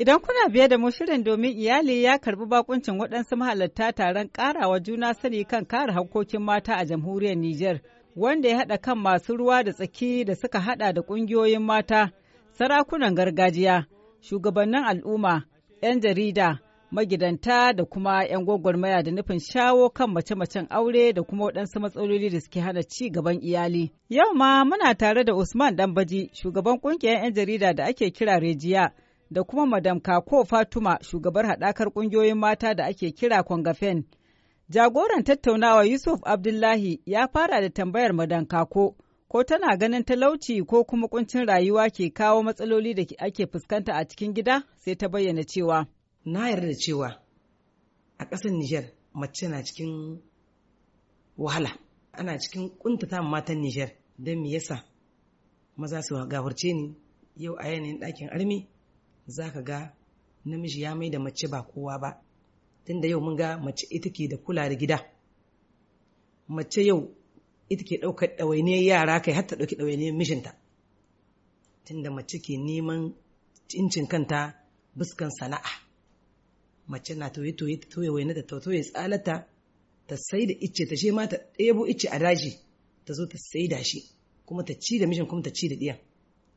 Idan kuna biye da mu shirin domin iyali ya karbi bakuncin waɗansu mahalarta taron ƙarawa juna sani kan kare harkokin mata a jamhuriyar Nijar, wanda ya haɗa kan masu ruwa da tsaki da suka haɗa da ƙungiyoyin mata, sarakunan gargajiya, shugabannin al'umma, 'yan jarida, magidanta da kuma 'yan gwagwarmaya da nufin shawo kan mace-macen aure da kuma waɗansu matsaloli da suke hana ci gaban iyali. Yau ma muna tare da Usman Dambaji, shugaban ƙungiyar 'yan jarida da ake kira Rejiya. da kuma Madam Kako Fatuma shugabar haɗakar ƙungiyoyin mata da ake kira Kwangafen. Jagoran tattaunawa Yusuf Abdullahi ya fara da tambayar Madam Kako ko tana ganin talauci ko kuma kuncin rayuwa ke kawo matsaloli da ake fuskanta a cikin gida sai ta bayyana cewa. Na yarda cewa a ƙasar Nijar mace na cikin wahala ana cikin kuntata matan Nijar don me yasa maza su gafarce ni yau a yanayin ɗakin armi za ka ga namiji ya mai da mace ba kowa ba tunda yau mun ga mace ita ke da kula da gida mace yau ita ke ɗaukar ɗawainiyar yara kai har ta ɗauki ɗawainiyar mijinta tunda mace ke neman cincin kanta buskan sana'a mace na toye toye ta toye waina ta toye tsalata ta sai da icce ta shema ta ɗebo icce a daji ta zo ta sai da shi kuma ta ci da mijin kuma ta ci da ɗiyan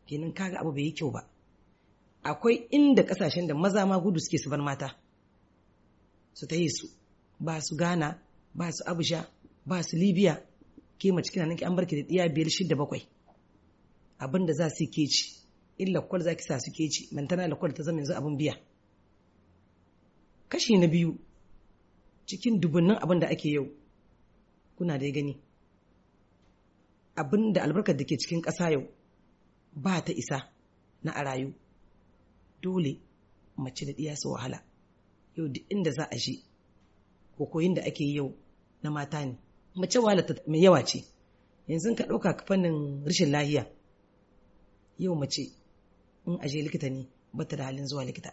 kenan kaga abu bai yi kyau ba akwai inda kasashen da maza ma gudu suke su bar mata su ta yi su ba su ghana ba su abuja ba su libya ke mace kina nan ki an barki da ɗiya biyar shida bakwai abin da za su ke ci in lakwal za ki sa su ke ci mantana lakwal ta zama yanzu abin biya kashi na biyu cikin dubunnan abin da ake yau kuna da gani abin da albarkar da ke cikin ƙasa yau ba ta isa na a rayu dole mace da ɗiya su wahala yau duk inda za a shi ko koyin da ake yau na mata ne mace wahala mai yawa ce yanzu ka ɗauka fannin rashin lahiya yau mace in aje likita ne bata da halin zuwa likita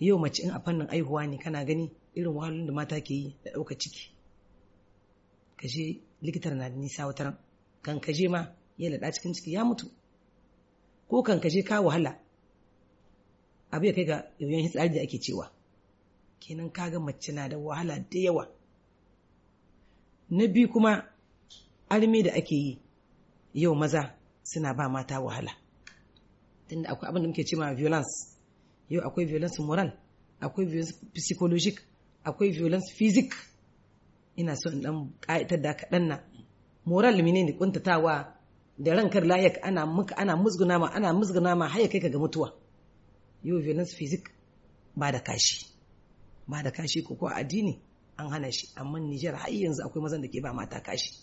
yau mace in a fannin aihuwa ne kana gani irin wahalun da mata ke yi da ɗauka ciki ka likitar na da nisa wataran kan ka ma yana ɗa cikin ciki ya mutu ko kan ka ka wahala abu ya kai ga yoyon hitsari da ake cewa kenan kaga mace na da wahala da yawa na biyu kuma armi da ake yi yau maza suna ba mata wahala tunda akwai abin da muke cewa violence yau akwai violence moral akwai violence psychologic akwai violence physic ina so in dan ka'itar da kaɗan na moral mine ne kuntatawa da rankar layak ana muka ana musguna ma ana musguna ma har ya kai ka ga mutuwa yau violence physique ba da kashi ba da kashi ko kuwa addini an hana shi amma Nijar har yanzu akwai mazan da ke ba mata kashi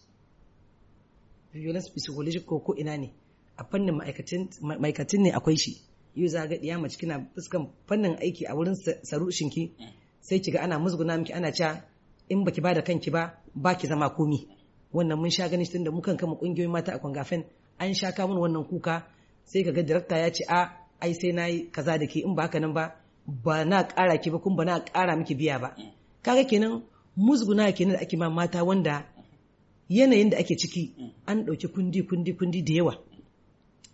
violence psychological ko ko ina ne a fannin ma'aikatan ne akwai shi yau za ga ɗiya mace kina fuskan fannin aiki a wurin shinki sai kiga ana musguna miki ana ca in baki ba da kanki ba ba ki zama komi wannan mun sha ganin tunda mu kan kama kungiyoyin mata a kwangafen an sha kamun wannan kuka sai kaga direkta ya ce a ah, ai sai na yi kaza da ke in ba nan ba ba na kara ki ba kuma ba na ƙara miki biya ba kaga kenan musguna kenan da ake ma mata wanda yanayin da ake ciki an ɗauki kundi kundi kundi da yawa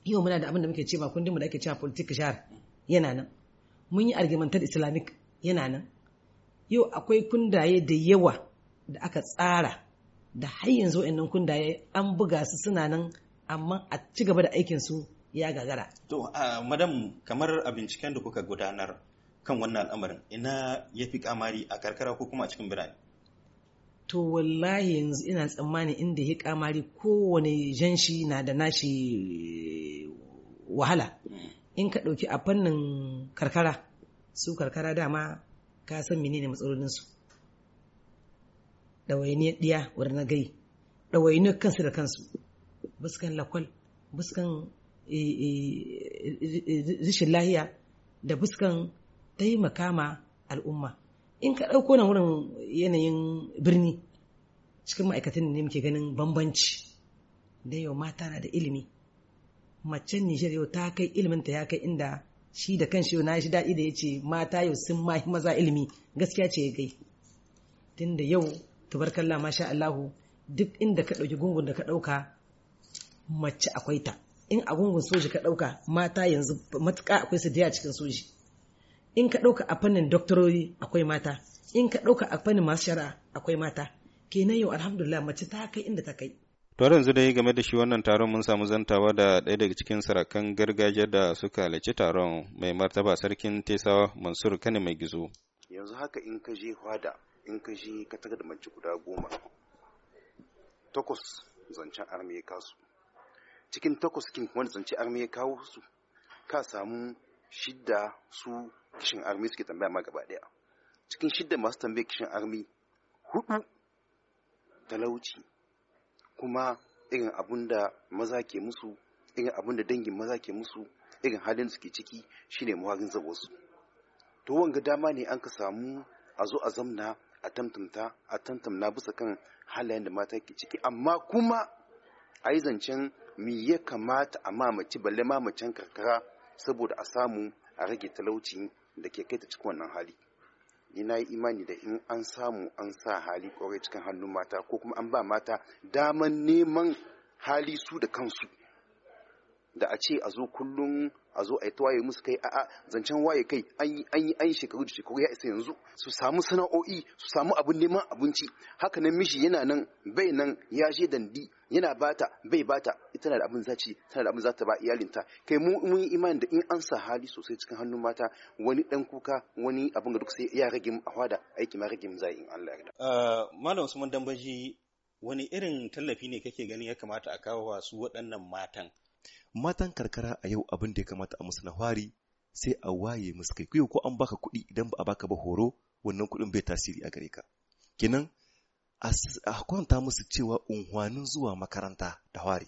yau muna da abin da muke cewa kundin mu da ake cewa politik shahar yana nan mun yi argumentar islamic yana nan yau akwai kundaye da yawa da aka tsara da har yanzu wa'annan kundaye an buga su suna nan amma a ci gaba da aikin su ya gagara to madam kamar a binciken da kuka gudanar kan wannan al'amarin ina ya fi kamari a karkara ko kuma a cikin birane to wallahi yanzu ina tsammani inda ya kamari kowane janshi na da nashi wahala mm. in ka ɗauki a fannin karkara su karkara dama ka san menene matsalolinsu ɗawainiyar ɗiya wadda na gai ɗawainiyar kansu da kansu buskan lakwal buskan Eh, eh, eh, rishin lahiya da buskan taimaka ma al'umma in ka ɗauko na wurin yanayin birni cikin ma'aikatan ne muke ganin bambanci da yau mata na da ilimi macen nijar yau ta kai iliminta ya kai inda shi da kan yau na shi daɗi da ya ce mata yau sun mahi maza ilimi gaskiya ce ya gai tun da yau tubarkalla masha Allahu duk inda ka ɗauki gungun da ka ɗauka mace akwai ta in agungun soji ka ɗauka mata yanzu matuka akwai su daya cikin soji in ka ɗauka a fannin doktorori akwai mata in ka ɗauka a fannin masu shara akwai mata kenan yau alhamdulillah mace ta kai inda ta kai to yanzu dai game da shi wannan taron mun samu zantawa da ɗaya daga cikin sarakan gargajiya da suka halarci taron mai martaba sarkin tesawa mansur kane mai gizo yanzu haka in ka je hwada in ka je ka da mace guda goma takwas zancen armiya kasu cikin takwas kin wanda zance arme ya kawo su ka samu shidda su kishin armi suke tambaya ma gaba daya cikin shidda masu tambaya kishin armi hudu talauci kuma irin abun da maza ke musu irin abun da dangin maza ke musu irin halin da suke ciki shine zabo su to wanga dama ne an ka samu a zo a zamna a tamtamta a tamtamna bisa kan halayen da mata ke ciki amma kuma a yi zancen me ya kamata a mamaci balle mamacin karkara saboda a samu a rage talauci da ke kai ta cikin wannan hali ni na yi imani da in an samu an sa hali kwarai cikin hannun mata ko kuma an ba mata daman neman hali su da kansu da a ce a zo kullum a zo a yi tawaye musu kai a zancen waye kai an yi an shekaru da shekaru ya isa yanzu su samu sana'o'i su samu abin neman abinci haka nan mishi yana nan bai nan ya je dandi yana bata bai bata ita na da abin za ci tana da abin za ta ba iyalinta kai mu mun yi imani da in an sa hali sosai cikin hannun mata wani dan kuka wani abin da duk sai ya rage mu a hwada aiki ma rage mu za in Allah ya yarda ah, malam Usman Dambaji wani irin tallafi ne kake gani ya kamata a kawo wa su waɗannan matan matan karkara a yau abin da ya kamata a musu na hwari sai a waye musu kai kuyo ko an baka kuɗi idan ba a baka ba horo wannan kuɗin bai tasiri a gare ka kenan a kwanta musu cewa unhwanin zuwa makaranta da hwari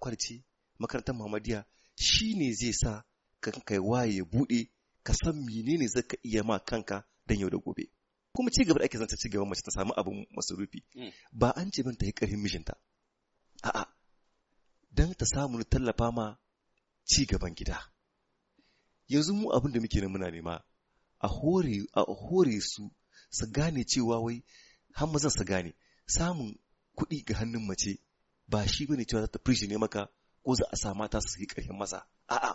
kwarci makarantar mamadiya shi ne zai sa kankai waye buɗe ka san menene zaka iya ma kanka don yau da gobe kuma ci gaba da ake zanta ci gaba mace ta samu abin masarufi hmm. ba an ce min ta yi ƙarfin mijinta a'a don ta samu na tallafa ma ci gaban gida. Yanzu mu abin da muke muna nema a hore a hore su su gane cewa wai hamazan su gane samun kuɗi ga hannun mace ba shi ba ne cewa za ta firshe ne maka ko za a sa mata su yi ƙarfin masa a'a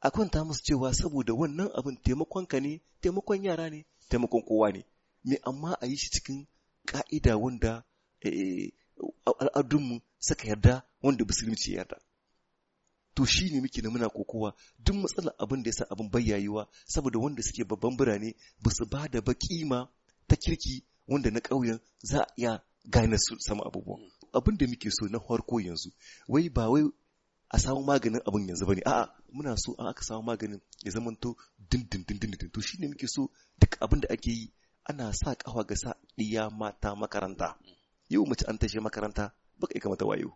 a kwanta musu cewa saboda wannan abin taimakon ka ne taimakon yara ne taimakon kowa ne me amma a yi shi cikin ka'ida wanda eh, eh, al'adunmu Saka yarda wanda musulunci ce yarda to shi ne muke na muna kokowa duk matsalar abin da sa abin bayyayewa saboda wanda suke babban birane ba su ba da bakima ta kirki wanda na ƙauyen za a iya gane su sama abubuwa abin da muke so na farko yanzu wai ba wai a samu maganin abin yanzu bane a'a muna so an aka samu maganin ya zamanto dindindindindindin to ne muke so duk abin da ake yi ana sa kawa ga sa ɗiya mata makaranta yau mace an tashi makaranta baka iya kamata wayo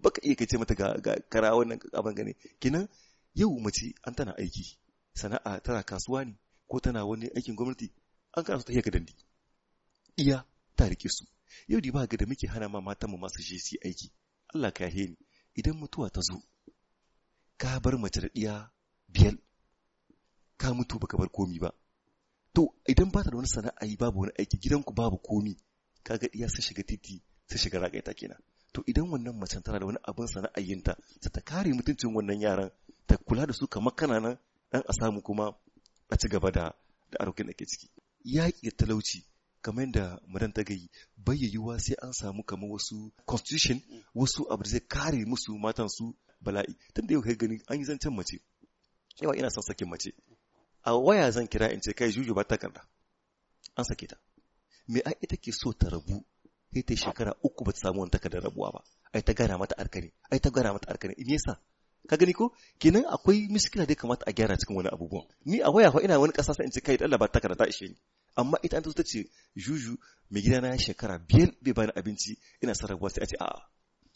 baka iya kace mata ga kara wannan abin gane kinan yau mace an tana aiki sana'a tana kasuwa ne ko tana wani aikin gwamnati an kana su ta ga dandi iya ta rike su yau da ba ga da muke hana ma matan mu masu je su aiki Allah ka yahe ni idan mutuwa ta zo ka bar mace da iya biyar ka mutu baka bar komi ba to idan ba ta da wani sana'a babu wani aiki gidanku babu komi kaga iya sai shiga titi sai shiga ita kenan to idan wannan macen tana da wani abin sana'ayyinta ta ta kare mutuncin wannan yaran ta kula da su kamar kananan dan a samu kuma a ci gaba da da arokin da ke ciki yaƙi talauci kamar yadda madan ta gayi bayyayuwa sai an samu kamar wasu constitution wasu abu da zai kare musu matan su bala'i tun da yau kai gani an yi zancen mace yawa ina son sakin mace a waya zan kira in ce kai juju ba takarda an sake ta me ai ita ke so ta rabu sai ta shekara uku ba ta samu wani takardar rabuwa ba ai ta gana mata arkane ai ta gana mata arkane in yasa ka gani ko kenan akwai miskila da kamata a gyara cikin wani abubuwa ni a waya fa ina wani kasa sai in ce kai dan labar takarda ta ishe ni amma ita an ta ce juju mai gida na shekara biyar bai bani abinci ina rabuwa sai a ce a'a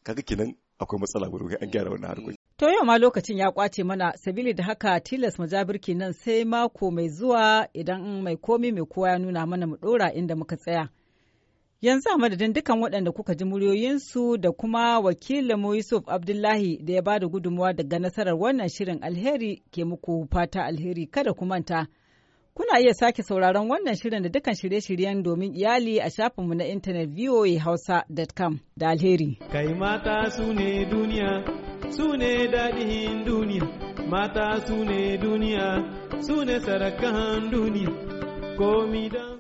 kaga kenan akwai matsala gudu an gyara wannan harkoki To yau ma lokacin ya kwace mana sabili da haka tilas maja birki nan sai mako mai zuwa idan mai komi mai kowa ya nuna mana mu dora inda muka tsaya. Yanzu a madadin dukan waɗanda kuka ji muryoyinsu da kuma wakilinmu Yusuf Abdullahi da ya ba da gudunmawa daga nasarar wannan shirin alheri ke muku fata alheri kada ku manta. Kuna iya sake sauraron wannan shirin da dukkan shirye-shiryen domin iyali a shafinmu na intanet voahausa.com da alheri. Kai mata su ne duniya, su ne daɗin duniya, mata su ne duniya, su ne sarakan duniya, komi